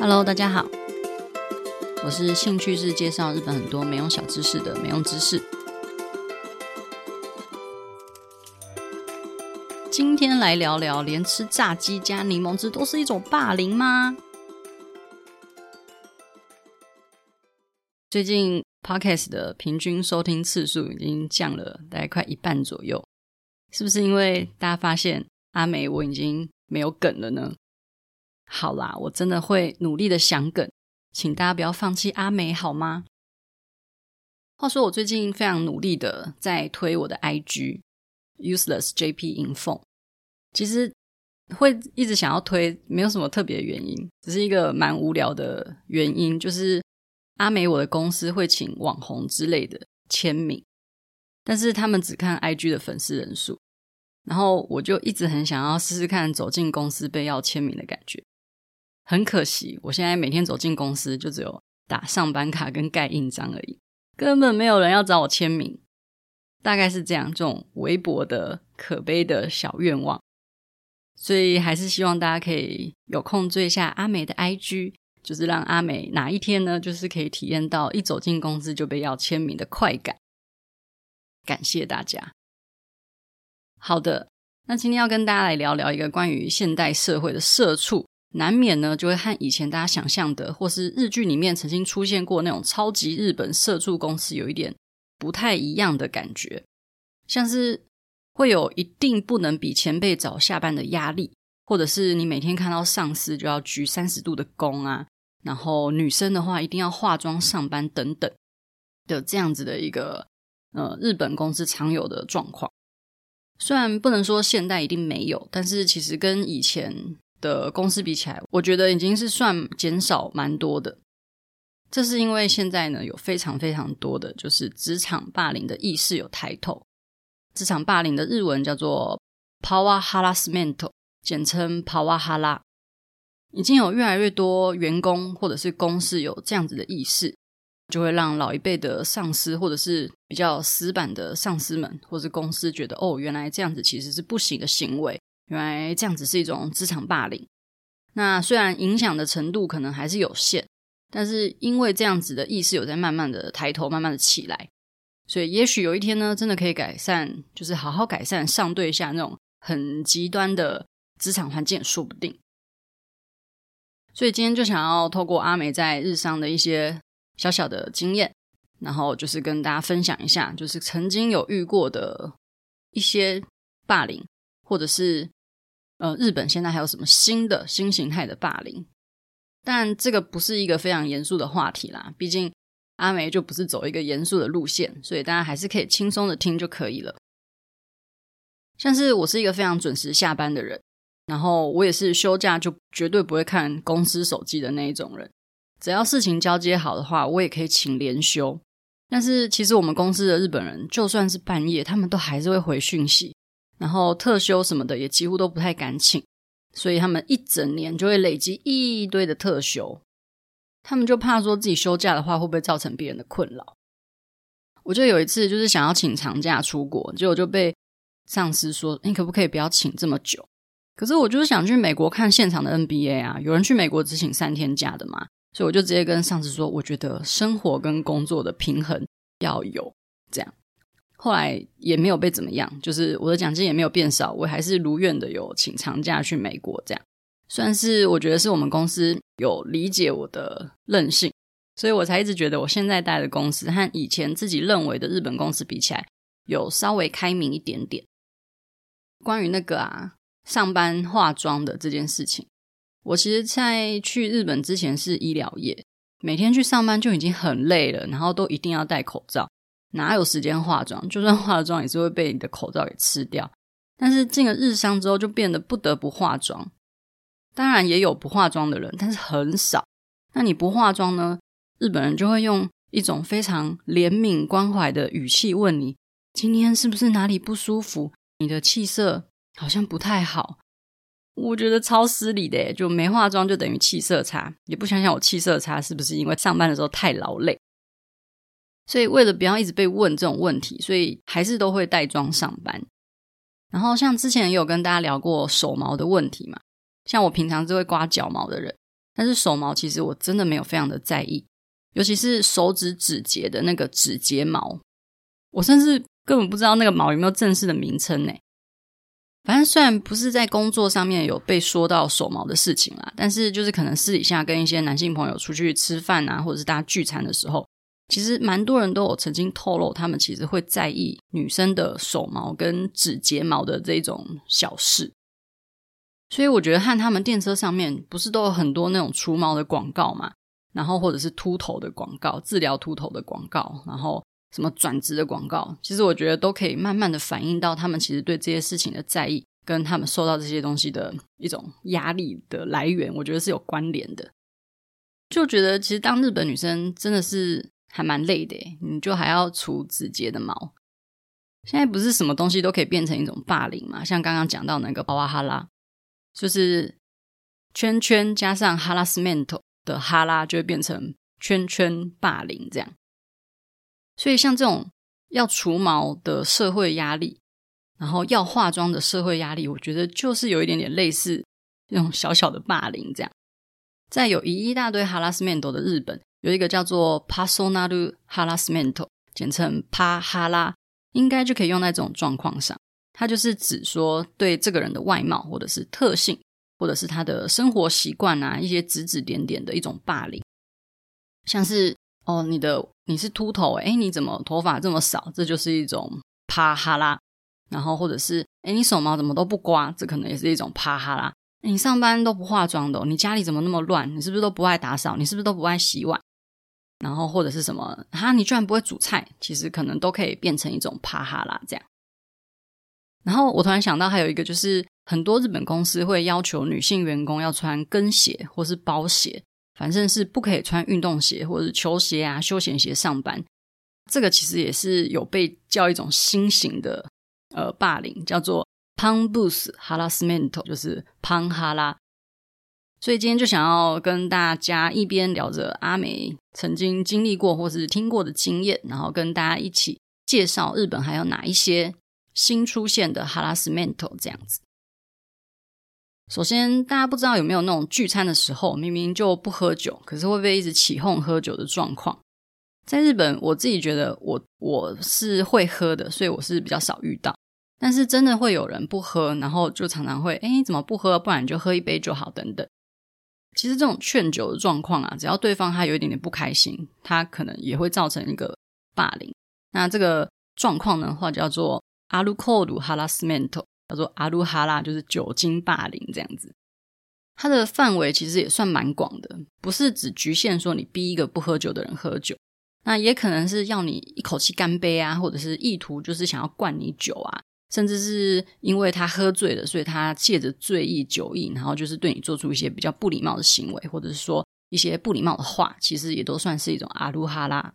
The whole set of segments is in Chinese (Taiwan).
Hello，大家好，我是興趣是介紹日本很多沒用小知識的沒用知識。今天來聊聊，連吃炸雞加檸檬汁都是一種霸凌嗎？最近 Podcast 的平均收聽次數已經降了，大概快一半左右，是不是因為大家發現阿美我已經沒有梗了呢？好啦，我真的會努力的想梗，請大家不要放棄阿美好嗎？話說我最近非常努力的在推我的 IG，useless jp info，其實會一直想要推，沒有什麼特別的原因，只是一個蠻無聊的原因，就是阿美我的公司會請網紅之類的簽名，但是他們只看 IG 的粉絲人數，然後我就一直很想要試試看走進公司被要簽名的感覺。很可惜，我現在每天走進公司就只有打上班卡跟蓋印章而已，根本沒有人要找我簽名。大概是這樣，這種微薄的可悲的小願望。所以還是希望大家可以有空追一下阿美的 IG，就是讓阿美哪一天呢，就是可以體驗到一走進公司就被要簽名的快感。感謝大家。好的，那今天要跟大家來聊聊一個關於現代社會的社畜。難免呢，就會和以前大家想象的，或是日劇裡面曾經出現過那種超級日本社畜公司，有一點不太一樣的感覺，像是會有一定不能比前輩早下班的壓力，或者是你每天看到上司就要鞠三十度的躬啊，然後女生的話一定要化妝上班等等的這樣子的一個，呃，日本公司常有的狀況。雖然不能說現代一定沒有，但是其實跟以前。的公司比起來，我覺得已經是算減少蠻多的。這是因為現在呢，有非常非常多的就是職場霸凌的意識有抬頭。職場霸凌的日文叫做 power harassment，簡稱 power hara。已經有越來越多員工或者是公司有這樣子的意識，就會讓老一輩的上司或者是比較死板的上司們，或者是公司覺得哦，原來這樣子其實是不行的行為。原來這樣子是一種職場霸凌。那雖然影響的程度可能還是有限，但是因為這樣子的意識有在慢慢的抬頭，慢慢的起來，所以也許有一天呢，真的可以改善，就是好好改善上對下那種很極端的職場環境，說不定。所以今天就想要透過阿梅在日商的一些小小的經驗，然後就是跟大家分享一下，就是曾經有遇過的一些霸凌，或者是。呃，日本現在還有什麼新的新形態的霸凌？但這個不是一個非常嚴肅的話題啦，畢竟阿梅就不是走一個嚴肅的路線，所以大家還是可以輕鬆的聽就可以了。像是我是一個非常準時下班的人，然後我也是休假就絕對不會看公司手機的那一種人，只要事情交接好的話，我也可以請連休。但是其實我們公司的日本人，就算是半夜，他們都還是會回訊息。然後特休什麼的也幾乎都不太敢請，所以他們一整年就會累積一堆的特休，他們就怕說自己休假的話會不會造成別人的困擾。我就有一次就是想要請長假出國，結果就被上司說：“你可不可以不要請這麼久？”可是我就是想去美國看現場的 NBA 啊，有人去美國只請三天假的嘛，所以我就直接跟上司說：“我覺得生活跟工作的平衡要有。”這樣。後來也沒有被怎麼樣，就是我的獎金也沒有變少，我還是如願的有請長假去美國，這樣算是我覺得是我們公司有理解我的任性，所以我才一直覺得我現在待的公司和以前自己認為的日本公司比起來，有稍微開明一點點。關於那個啊，上班化妝的這件事情，我其實在去日本之前是醫療業，每天去上班就已經很累了，然後都一定要戴口罩。哪有時間化妝？就算化了妝，也是會被你的口罩給吃掉。但是進了日商之後，就變得不得不化妝。當然也有不化妝的人，但是很少。那你不化妝呢？日本人就會用一種非常憐憫關懷的語氣問你：“今天是不是哪裡不舒服？你的氣色好像不太好。”我覺得超失禮的，就沒化妝就等於氣色差。也不想想我氣色差是不是因為上班的時候太勞累。所以為了不要一直被問這種問題，所以還是都會帶妝上班。然後像之前也有跟大家聊過手毛的問題嘛，像我平常是會刮腳毛的人，但是手毛其實我真的沒有非常的在意，尤其是手指指節的那個指節毛，我甚至根本不知道那個毛有沒有正式的名稱呢。反正雖然不是在工作上面有被說到手毛的事情啦，但是就是可能私底下跟一些男性朋友出去吃飯啊，或者是大家聚餐的時候。其實蠻多人都有曾經透露，他們其實會在意女生的手毛跟指睫毛的這種小事。所以我覺得，看他們電車上面不是都有很多那種除毛的廣告嘛，然後或者是禿頭的廣告、治療禿頭的廣告，然後什麼轉職的廣告，其實我覺得都可以慢慢的反映到他們其實對這些事情的在意，跟他們受到這些東西的一種壓力的來源，我覺得是有關聯的。就覺得其實當日本女生真的是。還蠻累的，你就還要除指接的毛。現在不是什麼東西都可以變成一種霸凌嘛？像剛剛講到那個巴巴哈拉，就是圈圈加上哈拉斯曼 e 的哈拉，就會變成圈圈霸凌這樣。所以像這種要除毛的社會壓力，然後要化妝的社會壓力，我覺得就是有一點點類似那種小小的霸凌這樣。在有一一大堆哈拉斯曼 e 的日本。有一個叫做 pasonalu halasmento，簡稱帕哈拉，應該就可以用在這種狀況上。它就是指說對這個人的外貌，或者是特性，或者是他的生活習慣啊，一些指指點點的一種霸凌。像是哦，你的你是禿頭，哎，你怎麼頭髮這麼少？這就是一種帕哈拉。然後或者是哎，你手毛怎麼都不刮？這可能也是一種帕哈拉。誒，你上班都不化妝的，你家裡怎麼那麼亂？你是不是都不愛打掃？你是不是都不愛洗碗？然後或者是什麼哈、啊、你居然不會煮菜？其實可能都可以變成一種帕哈拉這樣。然後我突然想到，還有一個就是，很多日本公司會要求女性員工要穿跟鞋或是包鞋，反正是不可以穿運動鞋或者球鞋啊、休閒鞋上班。這個其實也是有被叫一種新型的呃霸凌，叫做 Pumps Harassment，就是胖哈拉。所以今天就想要跟大家一邊聊着阿美曾經經歷過或是聽過的經驗，然後跟大家一起介紹日本還有哪一些新出現的哈拉斯 mental 這樣子。首先，大家不知道有沒有那種聚餐的時候明明就不喝酒，可是會不會一直起哄喝酒的狀況？在日本，我自己覺得我我是會喝的，所以我是比較少遇到。但是真的會有人不喝，然後就常常會誒，怎麼不喝？不然就喝一杯就好，等等。其實這種勸酒的狀況啊，只要對方他有一點點不開心，他可能也會造成一個霸凌。那這個狀況的話叫做阿魯庫魯哈拉斯曼托，叫做阿魯哈拉，就是酒精霸凌這樣子。它的範圍其實也算蠻廣的，不是只局限說你逼一個不喝酒的人喝酒，那也可能是要你一口氣乾杯啊，或者是意圖就是想要灌你酒啊。甚至是因為他喝醉了，所以他借着醉意酒意，然後就是對你做出一些比較不禮貌的行為，或者是說一些不禮貌的話，其實也都算是一種阿魯哈拉。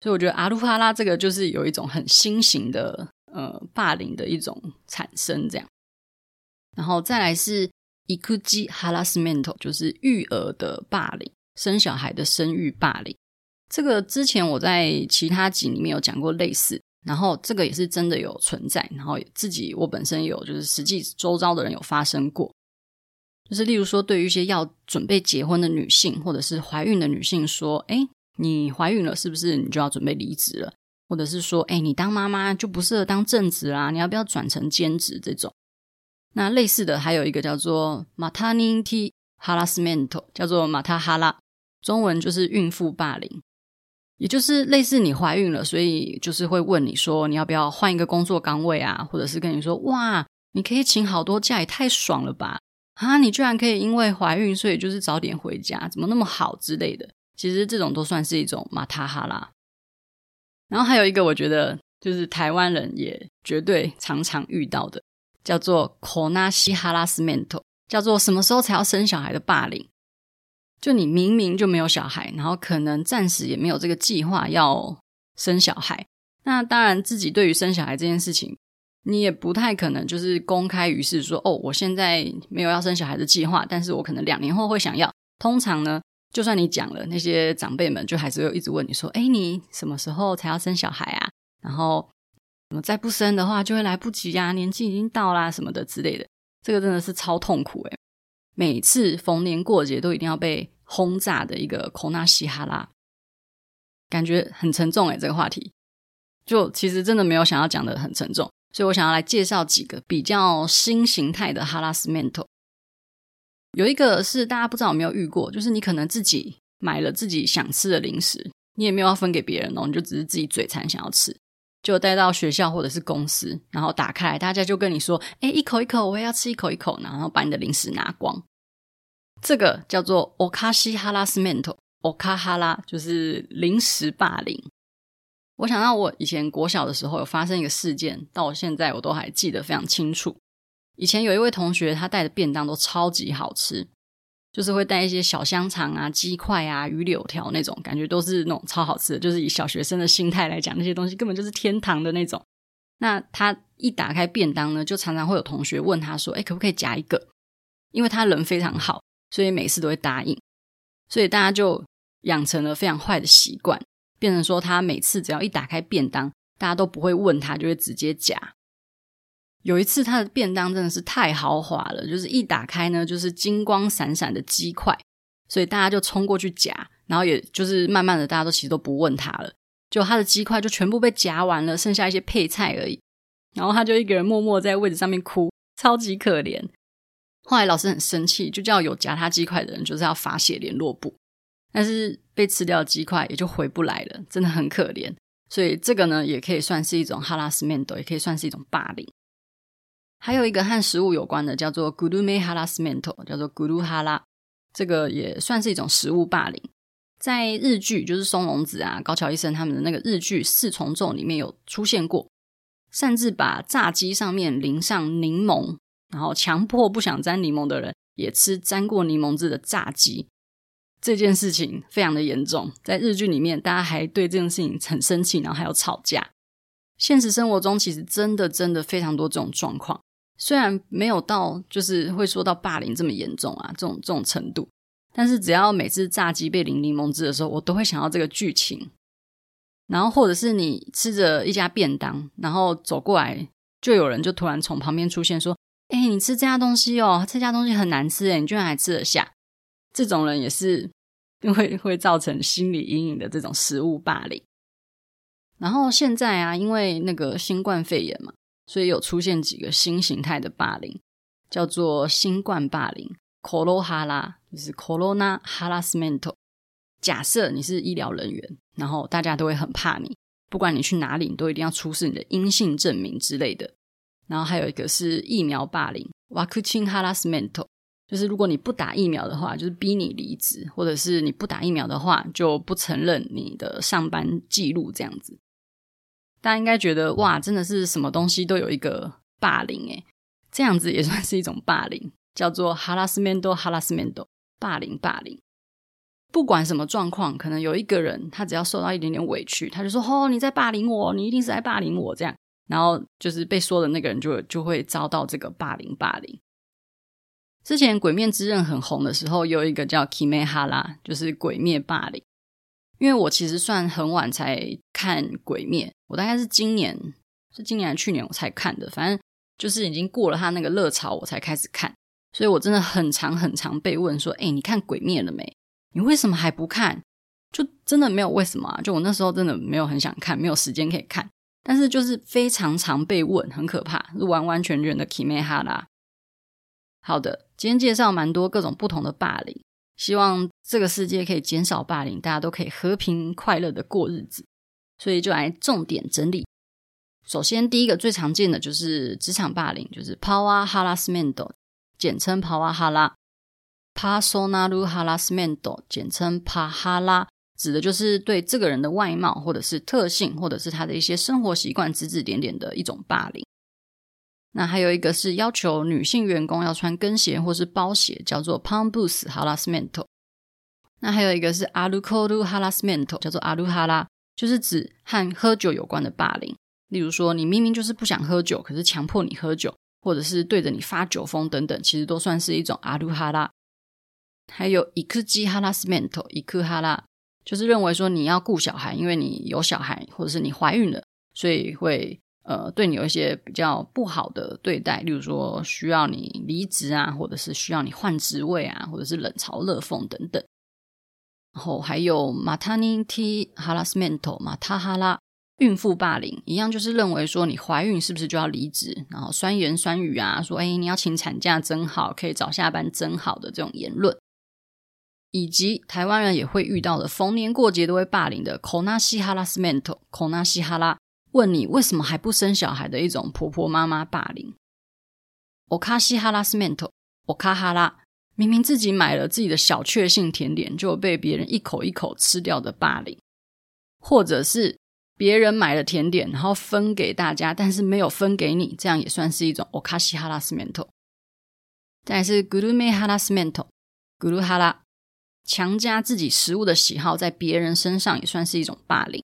所以我覺得阿魯哈拉這個就是有一種很新型的呃霸凌的一種產生這樣。然後再來是伊庫基哈拉斯門托就是育兒的霸凌、生小孩的生育霸凌。這個之前我在其他集裡面有講過類似。然後這個也是真的有存在，然後自己我本身有就是實際周遭的人有發生過，就是例如說對於一些要準備結婚的女性或者是懷孕的女性說，哎，你懷孕了是不是你就要準備離職了？或者是說，哎，你當媽媽就不適合當正職啦，啊，你要不要轉成兼職這種？那類似的還有一個叫做 maternity harassment，叫做馬塔哈拉，中文就是孕婦霸凌。也就是類似你懷孕了，所以就是會問你說，你要不要換一個工作崗位啊，或者是跟你說哇，你可以請好多假，也太爽了吧！啊，你居然可以因為懷孕所以就是早點回家，怎麼那麼好之類的。其實這種都算是一種馬塔哈拉。然後還有一個，我覺得就是台灣人也絕對常常遇到的，叫做科納西哈拉斯面特，叫做什麼時候才要生小孩的霸凌。就你明明就沒有小孩，然後可能暫時也沒有這個計劃要生小孩，那當然自己對於生小孩這件事情，你也不太可能就是公開於是說哦，我現在沒有要生小孩的計劃，但是我可能兩年後會想要。通常呢，就算你講了，那些長輩們就還是會一直問你說，哎，你什麼時候才要生小孩啊？然後怎麼再不生的話就會來不及呀，年紀已經到啦，什麼的之類的，這個真的是超痛苦誒。每次逢年過節都一定要被轟炸的一個空納西哈拉，感覺很沉重哎，這個話題就其實真的沒有想要講的很沉重，所以我想要來介紹幾個比較新形態的哈拉斯曼托。有一個是大家不知道有沒有遇過，就是你可能自己買了自己想吃的零食，你也沒有要分給別人哦，你就只是自己嘴饞想要吃。就帶到學校或者是公司，然後打開來，大家就跟你說：“誒、欸、一口一口，我也要吃一口一口。”然後把你的零食拿光，這個叫做“奧卡西哈拉斯門特”，“奧卡哈拉”，就是零食霸凌。我想到我以前國小的時候有發生一個事件，到我現在我都還記得非常清楚。以前有一位同學，他帶的便當都超級好吃。就是會帶一些小香腸啊、雞塊啊、魚柳條那種，感覺都是那種超好吃的。就是以小學生的心態來講，那些東西根本就是天堂的那種。那他一打開便當呢，就常常會有同學問他說：“哎，可不可以夾一個？”因為他人非常好，所以每次都會答應。所以大家就養成了非常壞的習慣，變成說他每次只要一打開便當，大家都不會問他，就會直接夾。有一次，他的便當真的是太豪華了，就是一打開呢，就是金光閃閃的雞塊，所以大家就衝過去夾，然後也就是慢慢的，大家都其實都不問他了，就他的雞塊就全部被夾完了，剩下一些配菜而已，然後他就一個人默默在位置上面哭，超級可憐。後來老師很生氣，就叫有夾他雞塊的人就是要罰寫聯絡簿，但是被吃掉雞塊也就回不來了，真的很可憐。所以這個呢，也可以算是一種哈拉斯面斗，也可以算是一種霸凌。還有一個和食物有關的，叫做「グルメハラスメント」，叫做“咕嚕哈拉”。這個也算是一種食物霸凌，在日劇就是松隆子啊、高橋一生他們的那個日劇《四重奏》裡面有出現過，擅自把炸雞上面淋上檸檬，然後強迫不想沾檸檬的人也吃沾過檸檬汁的炸雞，這件事情非常的嚴重。在日劇裡面，大家還對這件事情很生氣，然後還有吵架。現實生活中，其實真的真的非常多這種狀況。雖然沒有到就是會說到霸凌這麼嚴重啊，這種這種程度，但是只要每次炸雞被淋檸檬汁的時候，我都會想到這個劇情。然後，或者是你吃着一家便當，然後走過來，就有人就突然從旁邊出現說：“哎，你吃這家東西哦，這家東西很難吃，哎，你居然還吃得下？”這種人也是會會造成心理陰影的這種食物霸凌。然後現在啊，因為那個新冠肺炎嘛。所以有出現幾個新形態的霸凌，叫做新冠霸凌 （Corona o Harassment）。假設你是醫療人員，然後大家都會很怕你，不管你去哪裡，你都一定要出示你的陰性證明之類的。然後還有一個是疫苗霸凌 v a c c i n Harassment），就是如果你不打疫苗的話，就是逼你離職，或者是你不打疫苗的話，就不承認你的上班記錄這樣子。大家應該覺得哇，真的是什麼東西都有一個霸凌欸，這樣子也算是一種霸凌，叫做ハラスメント。ハラスメント霸凌霸凌。不管什麼狀況，可能有一個人他只要受到一點點委屈，他就說，哦你在霸凌我，你一定是在霸凌我這樣，然後就是被說的那個人就就會遭到這個霸凌霸凌。之前《鬼滅之刃》很紅的時候，有一個叫キメ哈拉，就是鬼滅霸凌。因為我其實算很晚才看《鬼滅》，我大概是今年，是今年還是去年我才看的。反正就是已經過了他那個熱潮，我才開始看。所以我真的很常、很常被問說：“哎、欸，你看《鬼滅》了沒？你為什麼還不看？”就真的沒有為什麼啊！就我那時候真的沒有很想看，沒有時間可以看。但是就是非常常被問，很可怕，是完完全全的奇美哈拉。好的，今天介紹蠻多各種不同的霸凌。希望這個世界可以減少霸凌，大家都可以和平快樂的過日子。所以就來重點整理。首先，第一個最常見的就是職場霸凌，就是帕瓦哈拉斯曼多，簡稱帕瓦哈拉，帕索納魯哈拉斯曼多，簡稱帕哈拉，指的就是對這個人的外貌或者是特性，或者是他的一些生活習慣指指點點的一種霸凌。那還有一個是要求女性員工要穿跟鞋或是包鞋，叫做 pumps harassment。那還有一個是 alcohol harassment，叫做 aru 哈拉，就是指和喝酒有關的霸凌。例如說，你明明就是不想喝酒，可是強迫你喝酒，或者是對着你發酒瘋等等，其實都算是一種 aru 哈拉。還有 ikuji harassment，iku 哈拉，就是認為說你要顧小孩，因為你有小孩，或者是你懷孕了，所以會，呃，對你有一些比較不好的對待，例如說需要你離職啊，或者是需要你換職位啊，或者是冷嘲熱諷等等。然後還有馬塔尼提哈拉斯門頭，馬塔哈拉，孕婦霸凌，一樣就是認為說你懷孕是不是就要離職？然後酸言酸語啊，說哎你要請產假真好，可以早下班真好的這種言論，以及台灣人也會遇到的，逢年過節都會霸凌的孔納西哈拉斯門頭，孔納西哈拉。問你為什麼還不生小孩的一種婆婆媽媽霸凌。我卡西哈拉斯面頭，我卡哈拉，明明自己買了自己的小確幸甜點就被別人一口一口吃掉的霸凌，或者是別人買了甜點然後分給大家，但是沒有分給你，這樣也算是一種我卡西哈拉斯面頭，但也是古魯梅哈拉斯面頭，古魯哈拉，強加自己食物的喜好在別人身上也算是一種霸凌。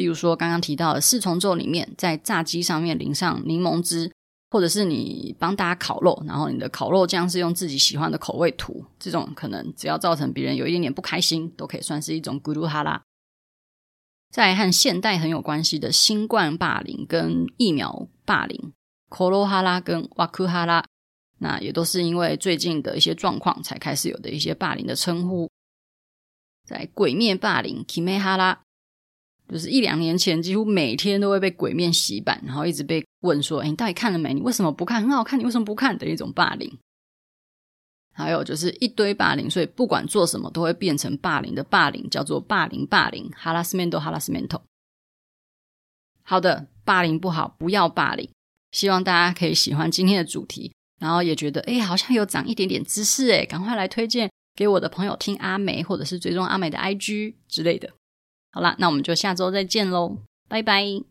例如說，剛剛提到的四重奏裡面，在炸雞上面淋上檸檬汁，或者是你幫大家烤肉，然後你的烤肉醬是用自己喜歡的口味塗，這種可能只要造成別人有一點點不開心，都可以算是一種咕嚕哈拉。再來和現代很有關係的新冠霸凌跟疫苗霸凌，コロ哈拉跟ワク哈拉，那也都是因為最近的一些狀況才開始有的一些霸凌的稱呼。再來鬼滅霸凌，キメ哈拉。就是一兩年前，幾乎每天都會被鬼面洗版，然後一直被問說：“誒，你到底看了沒？你為什麼不看？很好看，你為什麼不看？”的一種霸凌，還有就是一堆霸凌，所以不管做什麼都會變成霸凌的霸凌，叫做霸凌霸凌，哈拉斯面都哈拉斯面都。好的，霸凌不好，不要霸凌。希望大家可以喜歡今天的主題，然後也覺得誒，好像有長一點點知識誒，趕快來推薦給我的朋友聽阿美，或者是追蹤阿美的 IG 之類的。好啦，那我們就下周再見嘍，拜拜。